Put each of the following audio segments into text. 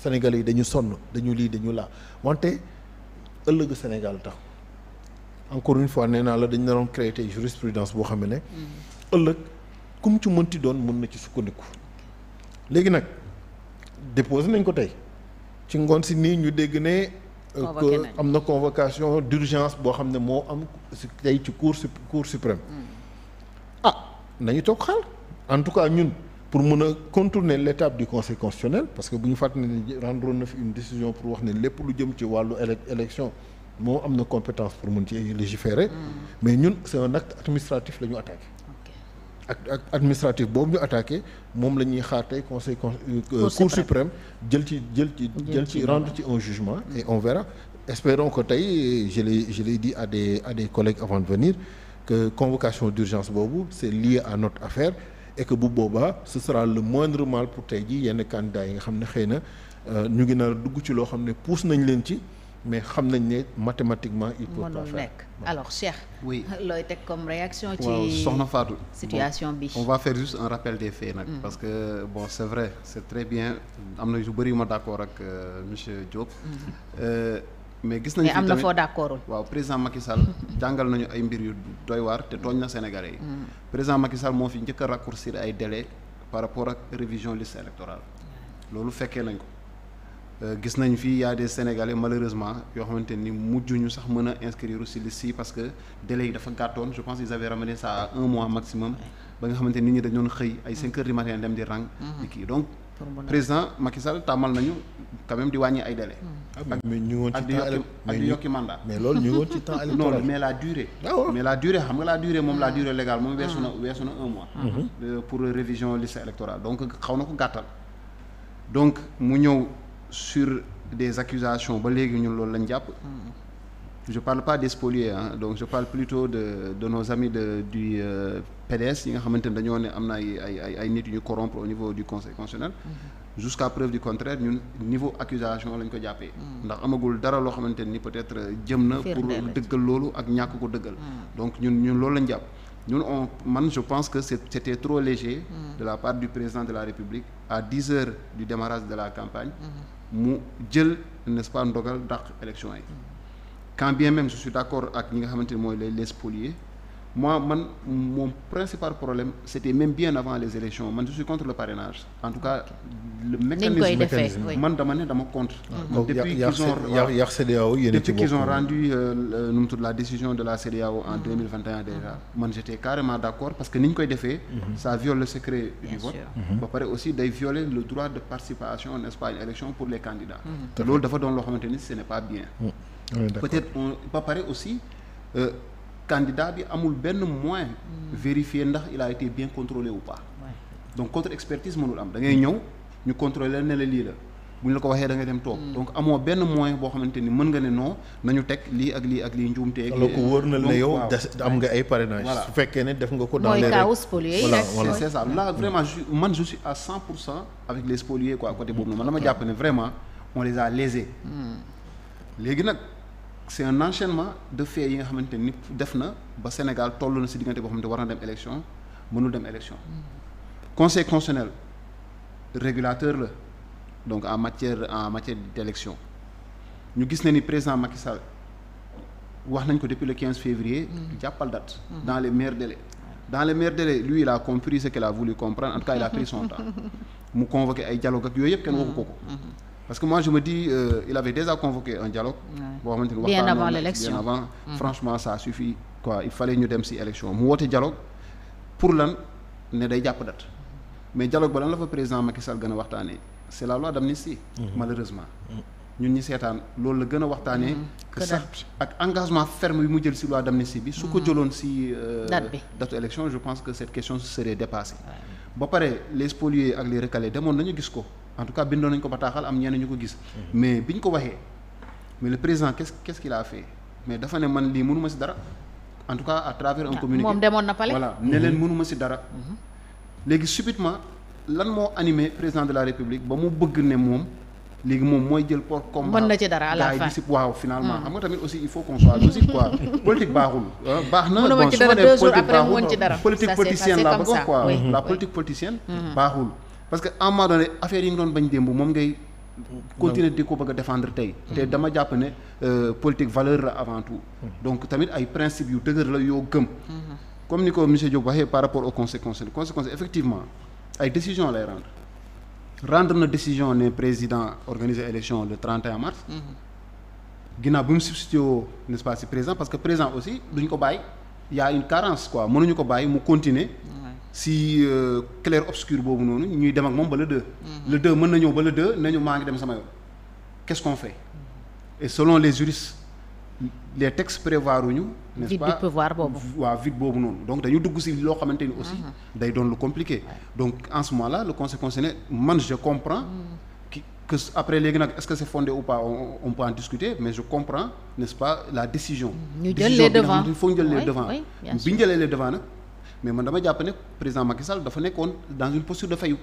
sénégal yi dañu sonn dañu lii dañu laa wante ëllëgu Sénégal tax encore une fois nee naa la dañu doon crété tey jurisprudence boo xam ne. Mm-hmm. ëllëg kum ci mënti doon mën na ci sukkandiku. léegi nag déposé nañ ko tey ci ngoon si nii ñu dégg ne. Euh, am na convocation d'urgence boo xam ne moo am tey ci cour cour suprême. Mm. ah nañu toog xaal en tout cas ñun. pour mën a contourner l' étape du conseil constitutionnel parce que bu ñu fàttali ne rendre na fi une décision pour wax ne lépp lu jëm ci wàllu élection moom am na compétence pour mën ci légiférer mm. mais ñun c' est un acte administratif la ñu attaqué acte administratif boobu ñu attaqué moom la ñuy xaar tey conseil euh, cour suprême jël ci jël ci jël ci rendre ci un jugement mm. et on verra espérons que tey je l'ai di à des à des collègues avant de venir que convocation d'urgence boobu c' est lié à affaire et bu boobaa ce sera le moindre mal pour tey jii yenn candidats yi nga xam ne xëy na euh, ñu ngi nar dugg ci loo xam ne pousse nañ leen ci mais xam nañ ne mathématiquement il peut pas faire alors Cheikh. oui looy teg comme réaction. ci soxna faatu situation bi. on va faire juste un rappel des faits nag. Mm. parce que bon c'est vrai c'est très bien am na yu bëri ma d'accord ak euh, monsieur Diop. Mm-hmm. Euh, mais gis nañu fi tamit am na foo d'accordul waaw président Macky jàngal nañu ay mbir yu doy waar te tooñ na Sénégalais yi. Mm. président Macky moo fi njëkk a raccourcir ay délais par rapport ak révision liste électorale loolu fekkee nañ ko euh, gis nañu fi y a des Sénégalais malheureusement yoo xamante ni mujj ñu sax mën a inscrire si liste yi parce que délai yi dafa gàttoon je pense ils avaient ramené ça à un mois maximum ba nga xamante nit ñi dañoon xëy ay cinq heures du matin dem di rang. Mm. di kii donc président Macky Sall tàmmal nañu quand même di ay délais. Mm. ak ah mais ñu woon ci yokki mandat mais loolu ñu woon ci temps électoral non mais la durée ah mais la durée xam nga la durée moom la mm. durée légale moom weesu na mm. weesu na un mois mm-hmm. euh, pour révision liste électorale donc xaw na ko gàttal donc mu ñëw sur des accusations ba léegi ñun loolu lañ jàpp mm. je parle pas des spoliés hein donc je parle plutôt de de nos amis de du euh, yi nga xamante ne dañoo ne am na ay ay ay nit yu ñu corrompre au niveau du conseil constitutionnel. Mm-hmm. jusqu'à preuve du contraire ñun niveau accusation lañ ko jàppee. Mm. ndax amagul dara loo xamante ni peut-être euh, jëm na. pour dëggal loolu ak ñàkk ko dëggal. Mm. donc ñun ñun loolu lañ jàpp ñun on man je pense que c'est c'était trop léger. Mm. de la part du président de la République à dix heures du démarrage de la campagne. Mm-hmm. mu jël n'est-ce pas ndogal yi. quand bien même je suis d'accord ak ñi nga xamante ni mooy les les spoliés moi man mon principal problème c'était même bien avant les élections man je suis contre le parrainage en tout cas le mécanisme man dama ne dama contre depuis qu'ils ont depuis rendu euh, nu la décision de la CEDEAO en 2021 mm-hmm. déjà mm-hmm. man j'étais carrément d'accord parce que ni ñu koy defee mm-hmm. ça viole le secret du vote ba pare aussi day violer le droit de participation nest peut-être on ba pare aussi euh, candidat bi amul benn moyen hmm. vérifier ndax il a été bien contrôlé ou pas donc contre expertise mënul am dangay ñëw ñu contrôler ne la lii la bu ñu la ko waxee da nga dem toog hmm. donc amoo benn moyen boo xamante ni mën nga ne non nañu teg lii ak lii ak lii njuumte ak alors que wóor na la yow am nga ay parrainage su fekkee ne def nga ko dans les cas spoliés voilà voilà c'est ça là vraiment man je à cent pour cent avec les spoliés quoi côté boobu noonu man dama jàpp ne vraiment a lésés hmm. léegi nag c'est un enchaînement de faits yi nga xamante ni def na ba Sénégal toll na si diggante boo xam ne war na dem élection mënul dem élection mm. conseil constitutionnel régulateur la donc en matière en matière d'élection ñu gis na ni président Macky Sall wax nañ ko depuis le 15 février mm. jàppal dat mm-hmm. dans les meilleurs délais dans les meilleurs délais lui il a compris ce qu'il a voulu comprendre en tout cas il a pris son temps mu convoqué ay dialogue ak yooyu yëpp kenn waxu ko ko mm-hmm. parce que moi je me dis euh, il avait déjà convoqué un dialogue boo xamante ni bien avant avant mm. franchement ça suffit quoi il fallait ñu dem ci élection mu woote dialogue pour lan ne day jàpp dat mais dialogue ba lan la fa président Macky Sall gën a waxtaanee c'est la loi d'amnistie mm-hmm. malheureusement mm-hmm. ñun ñi seetaan loolu la gën a waxtaanee mm-hmm. ak engagement ferme bi mu jël ci loi d'amnistie bi su ko jëloon ci euh, date élection je pense que cette question serait dépassée ba pare les spoliés ak les recalés demoon nañu gis ko en tout cas bindoon nañ ko bataaxal am ñenn ñu ko gis. Mm. mais bi ñu ko waxee mais le président quest qu'est-ce qu'il a fait mais dafa ne man lii mënuma ci dara en tout cas à travers un ah, communiqué moom demoon na pale ne leen mm-hmm. mënuma ci dara. Mm-hmm. léegi subitement lan moo animé président de la république ba mu bëgg ne moom. léegi moom mooy jël port comme mën na ci dara à la fin si waaw finalement mm. xam nga tamit aussi il faut baaxul euh, baax na bon su ma nee baaxul politique politicienne mm-hmm. baaxul parce que à un moment affaire yi nga doon bañ démb moom ngay continuer di ko bëgg a défendre tey mm-hmm. te dama jàpp ne euh, politique valeur la avant tout mm-hmm. donc tamit ay principe yu dëgër la yoo gëm mm-hmm. comme ni ko monsieur Diop waxee par rapport aux conséquences conséquences effectivement ay décision lay rendre rendre na décision ne président organiser élection le 31 mars ginnaaw bi mu substitué woo nest pas si président parce que président aussi duñ ko bàyyi y a une carence quoi mënuñu ko bàyyi mu continuer si euh, clair obscur boobu noonu ñuy dem ak moom ba le deux mm-hmm. le deux mën na ñëw ba le deux nañu maa ngi dem sama yoon qu'est-ce mm-hmm. et selon les juristes les textes prévoir uñu n'est-ce pas vide du boobu noonu donc dañu dugg si loo xamante ni aussi mm-hmm. day doon lu compliqué donc en ce moment là le conseil constitutionnel man je comprends que après léegi nag est-ce que c'est fondé ou pas on, on peut discuter mais je comprends n'est-ce pas la décision ñu jël les devants il faut ñu bi ñu jëlee les devants nag mais man dama jàpp ne président Macky Sall dafa nekkoon dans une posture de defanteek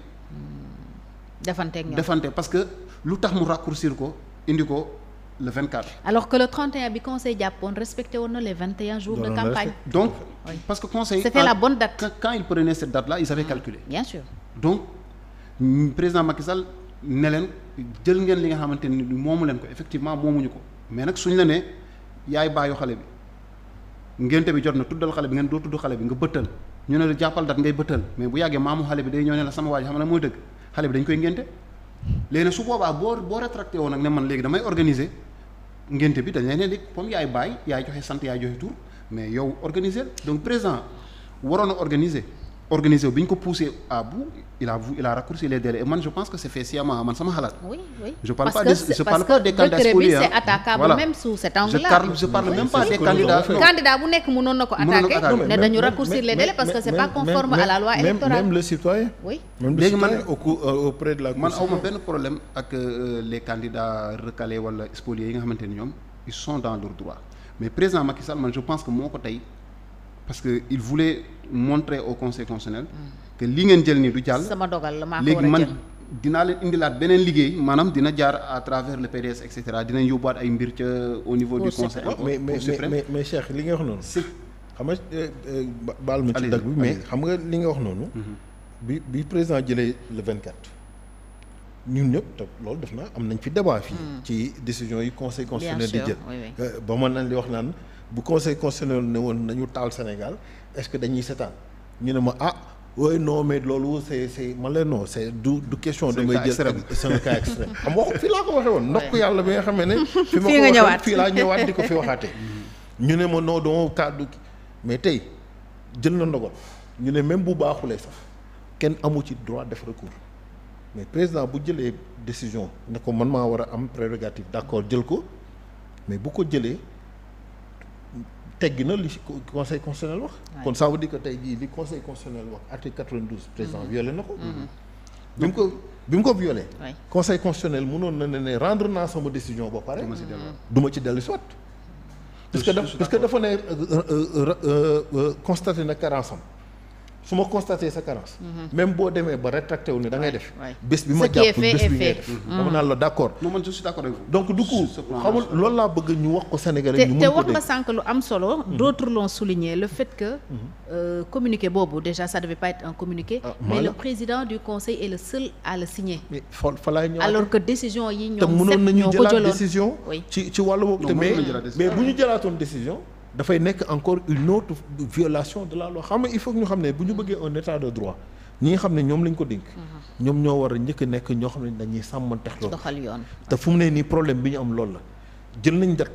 defante defante parce que lu tax mu raccourcir ko indi ko le 24. alors que le 31 bi conseil jàppoon respecté woon na les 21 jours. de campagne donc oui. parce que conseil. c'était la bonne date il prenait cette date là ils avaient ah, calculé. bien donc mm, président Macky Sall ne leen jël ngeen li nga xamante ni moomu leen ko effectivement moomuñu ko mais nag suñ la nee yaay bàyyi xale bi ngénte bi jot na tuddal xale bi ngeen doo tudd xale bi nga bëttal. ñu ne la jàppal dat ngay bëttal mais bu yàggee maamu xale bi day ñëw ne la sama waa ji xam la mooy dëgg xale bi dañ koy ngénte léegi nag su boobaa boo boo rétracté woon nag ne man léegi damay organiser ngénte bi dañ leen di comme yaay baay yaay joxe sant yaay joxe tur mais yow organiser donc président waroon a organiser organisé wu bi ñu ko poussé à bout il a il a raccourci man je pense que c'est fait sciemment man sama xalaat. parce pas des parce que des candidats. bu nekk mënoon na ko attaquer ne dañu raccourcir les délais parce que c'est pas conforme à la loi électorale même le man euh, aw benn problème ak euh, les candidats recalés wala spoliés yi nga xamante ni ñoom ils sont dans leur droit mais président Macky Sall man je pense que moo ko tey. parce que il voulait montrer au conseil constitutionnel mm. que li ngeen jël nii du jàll. sama dogal la maa ko war léegi man dinaa leen indilaat beneen liggéey maanaam dina jaar à travers le PDS et cetera dinañ yóbbuwaat ay mbir ca au niveau. du conseil oh, mais li nga wax noonu. si xam nga euh, euh, baal ma ci dagg bi mais xam nga li nga wax noonu. Mm-hmm. bi bi jëlee le 24. ñun ñëpp te loolu def am nañ fi débat fii. Mm. ci décision yi conseil constitutionnel di jël. Euh, ba mën nañ li wax naan. bu conseil constitutionnel ne woon nañu taal Sénégal est-ce que dañuy seetaan ñu ne ma ah oui noo mais loolu c'est c'est man leen non c'est du du question. da ngay jël c'est xam nga fii laa woon ndokk yàlla nga xam ne. fi ma ko waxee fii laa di ko fi waxaatee. Mm-hmm. ñu ne ma non dama kàddu mais tey jël na ndogal ñu ne même bu baaxulee sax kenn amu ci droit def recours mais président bu jëlee décision ne ko man maa war a am prérogative d'accord jël ko mais bu ko jëlee. teggi na li conseil constitutionnel wax. kon ça veut dire que tey jii li conseil constitutionnel wax article 92 président mm-hmm. violé na ko. Mm-hmm. bi mu ko bi mu ko violé. conseil constitutionnel mënoon na ne ne rendre naa sama décision ba pare. du ma ci mm-hmm. dellu si waat. parce que dafa parce que dafa ne euh, euh, euh, constaté na carence am. su ma constaté sa carence. Mhm. même boo demee ba rétracté wu ne da ngay def. bés bi ma jàpp bés bi ngay def. Mhm. dama d' accord. non man je suis d' accord avec donc du coup xamul loolu laa bëgg ñu wax ko Sénégalais. ñu mun ko te wax nga sànq lu am solo. Mhm. d' autres l' ont souligné le fait que. Euh, communiqué boobu déjà ça devait pas être un communiqué. Ah, mais le président du conseil est le seul à le signer. mais fa fa alors que décision yi. ñoom sept ñoo ko jëloon te ci ci wàllu boobu. mais mais bu ñu jëlaatoon décision. dafay nekk encore une autre violation de la loi xam nga il faut que ñu xam ne bu ñu bëggee un état de droit ñi xam ne ñoom lañ ko dénk. Mhm. ñoom ñoo war a njëkk nekk ñoo xam ne dañuy sàmmanteex loolu. doxal yoon te fu mu ne nii problème bi ñu am loolu la jël nañ date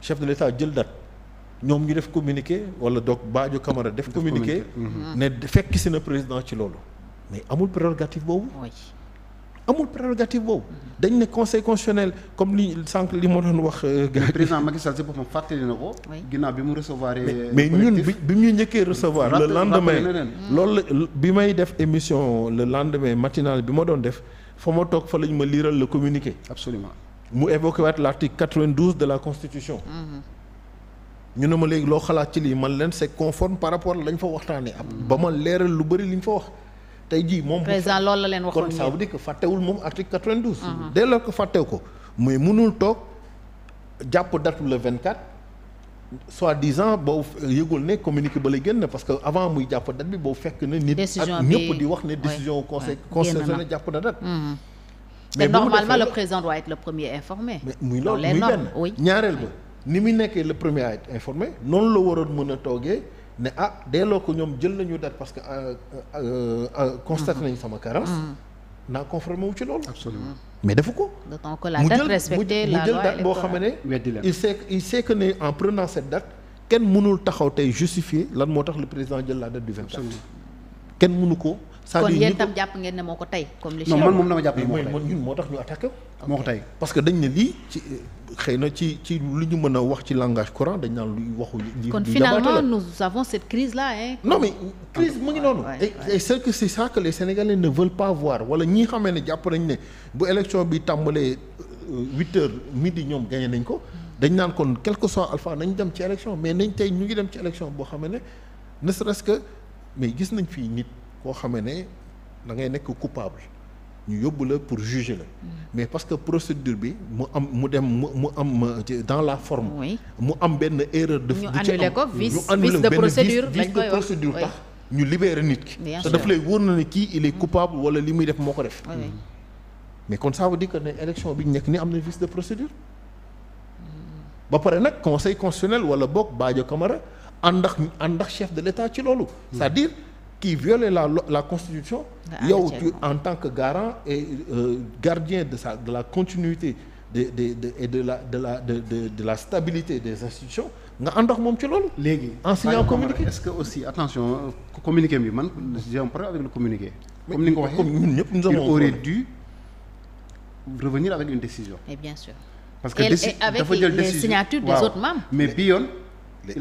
chef de l' état jël date ñoom ñu def communiqué wala donc Badio Camara def. communiqué mhm. ne fekk si na président ci loolu mais amul prérogative boobu. amul prérogative boobu dañ ne conseil constitutionnel comme li sànq li ma doon wax. Euh, gàllankoor président Macky Sall si fàttali na ko. ginnaaw bi mu recevoir. Euh, mais ñun bi bi mu ñu njëkkee recevoir. le lendemain la bi may def émission le lendemain matinale bi ma doon def fa ma toog fa lañ ma liiral le communiqué. absolument mu évoqué waat l' article 92 de la constitution. Mm-hmm. ñu ne ma léegi loo xalaat ci lii man leen c' est conforme par rapport lañ fa waxtaanee. ba ma leeral lu bëri liñ fa wax. tey jii moom. président lool la leen waxoon kon ça veut dire que fàttewul moom article 92. Uh-huh. dès lors que ko muy munul toog jàpp date le 24. soi-disant boobu yëgul ne communiqué ba lay génn parce que avant muy jàpp date bi boobu fekk na nit ak ñëpp di wax ne décision conseil constitutionnel jàpp na date mm-hmm. mais normalement le président doit être premier informé muy loolu muy benn ñaareel ba ni muy nekkee le premier à informé noonu la waroon mën a toogee ne ah dès ko ñoom jël nañu date parce que euh, euh, euh, constaté nañu sama carence mm-hmm. naa conformé wu ci loolu. absolument mm-hmm. mais defu ko. d'autant que la la mu jël date boo xam ne. il sait il sait que ne en prenant cette date kenn mënul taxaw tey justifier lan moo tax le président jël la date du 24. kenn mënu ko. c'est-à-dire kon yéen jàpp ngeen ne moo ko tey. comme li non man moom dama jàpp ne moo ko moo tax ñu attaqué ko. moo tey parce que dañ ne lii ci xëy na ci ci lu ñu mën a wax ci langage courant dañ naan luy waxu. lii kon finalement nous avons cette crise là hein. non mais crise mu ngi noonu. et c'est que c'est ça que les Sénégalais ne veulent pas voir wala ñi ne jàpp nañ ne bu élection bi tàmbalee euh, huit heures midi ñoom gagné nañ ko. dañ naan kon quelque soit alpha nañ dem ci élection mais nañ tey ñu ngi dem ci élection boo xamee ne ne serait-ce que mais gis nañ fii nit koo xamee ne da ngay nekk coupable. ñu yóbbu la pour juger la mm. mais parce que procédure bi mu am mu dem mu mu am dans la forme mu am benn erreur def ñu ko vice de procédure vice de procédure ñu libérer nit ki te daf lay wóor na ne kii il est mm. coupable wala li muy def moo ko def mais kon ça veut dire que ne élection bi ñu nekk ni am na vice de procédure mm. ba pare nag conseil constitutionnel wala boog baajo Camara ànd ak ànd ak chef de l' ci loolu qui viole la la constitution yow tu en tant que garant et euh, gardien de sa la continuité de de de et de la de la de de de la stabilité des institutions nga ànd ak moom ci loolu. léegi enseignant communiqué est-ce que aussi attention euh, communiqué bi man j'ai un problème avec le communiqué. comme ni nga ko waxee comme ñun ñëpp nous avons il aurait dû revenir avec une décision. et bien sûr parce que dafa jël décision et avec les signatures des autres membres. mais bi yoon. il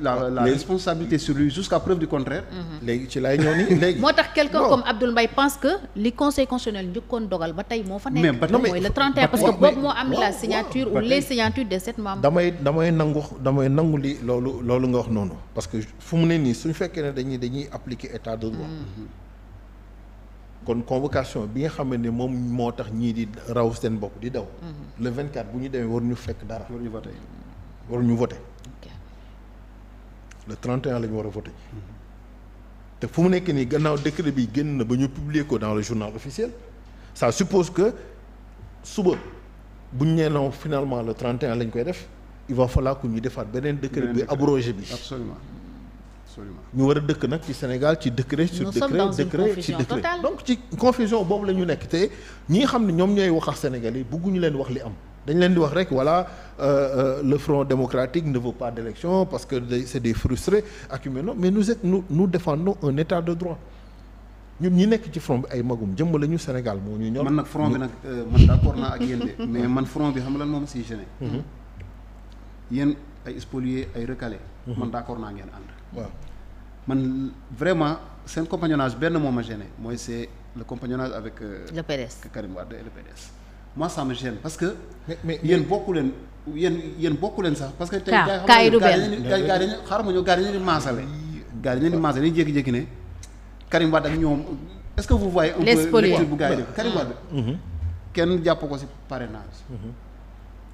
la la responsabilité sur lui jusqu'à preuve du contraire. Mm-hmm. léegi ci laay ñëw nii léegi. moo tax quelqu'un comme Abdoul Mbaye pense que li conseil constitutionnel njëkkoon dogal ba tey moo fa nekk. mooy le 31 parce que boobu moo am la signature ou damay nangu li loolu loolu nga wax noonu parce que fu mu ne nii suñu fekkee ne dañuy dañuy appliquer état de droit. Mm-hmm. kon convocation bi nga xam ne moom moo tax ñii di raw seen bopp di daw. Mm-hmm. le 24 bu ñu demee war ñu fekk dara. war ñu voté war ñu voté. le 31 la ñu war a te fu mu nekk nii gannaaw décret bi génn na ba ñu publier dans le journal officiel ça suppose que suba bu ñu nee non finalement le 31 la ñu koy def il va ñu defaat beneen décret bi abrogé bi. absolument absolument ñu war a dëkk nag ci Sénégal ci décret. sur décret décret ci décret donc ci confusion boobu la ñu nekk te ñi nga xam ne ñoom ñooy wax ak Sénégal yi bëgguñu leen wax li am. dañu leen di wax rek voilà euh, euh, le front démocratique ne veut pas d'élection parce que c'est des frustrés ak yu mel noonu mais nous nous nous défendons un état de droit ñun ñi nekk ci front bi ay magum jëmm la ñu Sénégal moo ñu ñor. man nag front bi nag euh, man d'accord naa ak yéen de mais man front bi xam nga moom si gêné. Mhm. yéen ay spoliés ay recalés. Mhm. man d'accord naa ngeen ànd. waaw man vraiment seen compagnonnage benn moom a gêné mooy c'est le compagnonnage avec. le PDS moi ça me gêne parce que. mais mais yéen bokku leen yéen yéen bokku leen sax parce que. tey ah, gaa yi du benn gaa gaa dañuy xaaral ma ñëw gaa dañuy maasale. gaa dañuy maasale dañuy jékki-jékki ne Karim Wade ak ñoom est-ce que vous voyez. les spoliés un peu bu gaa yi def Karim Wade. Mm-hmm. Mm-hmm. kenn jàpp ko ci parrainage. Mm-hmm.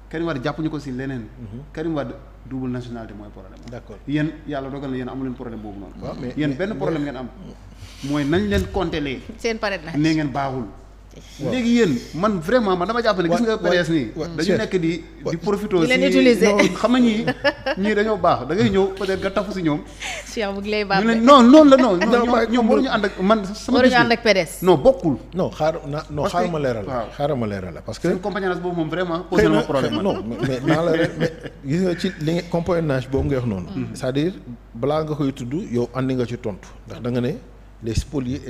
Karim Wade jàppuñu ko ci leneen. Karim Wade double nationalité mooy problème am. d'accord yéen yàlla dogal na yéen amu leen problème boobu noonu. waaw mais yéen benn problème ngeen am. mooy nañ leen compter lee. seen parrainage nee ngeen baaxul. léegi yéen man vraiment man dama jàpp ne gis nga PDS nii dañu nekk di di profité si xam nga ñii ñii dañoo baax da ngay ñëw peut être si ñoom non noonu la non ñoom waruñu ànd man sama waruñu ànd ak PDS non bokkul non xaar na non xaar ma leeral la xaar ma leeral la parce que seen compagnonnage boobu moom vraiment posé na problème non mais naa la rek gis nga ci li nga compagnonnage boobu nga wax noonu mm-hmm. cest à balaa nga koy tudd yow àndi nga ci tontu ndax da nga ne les spoliés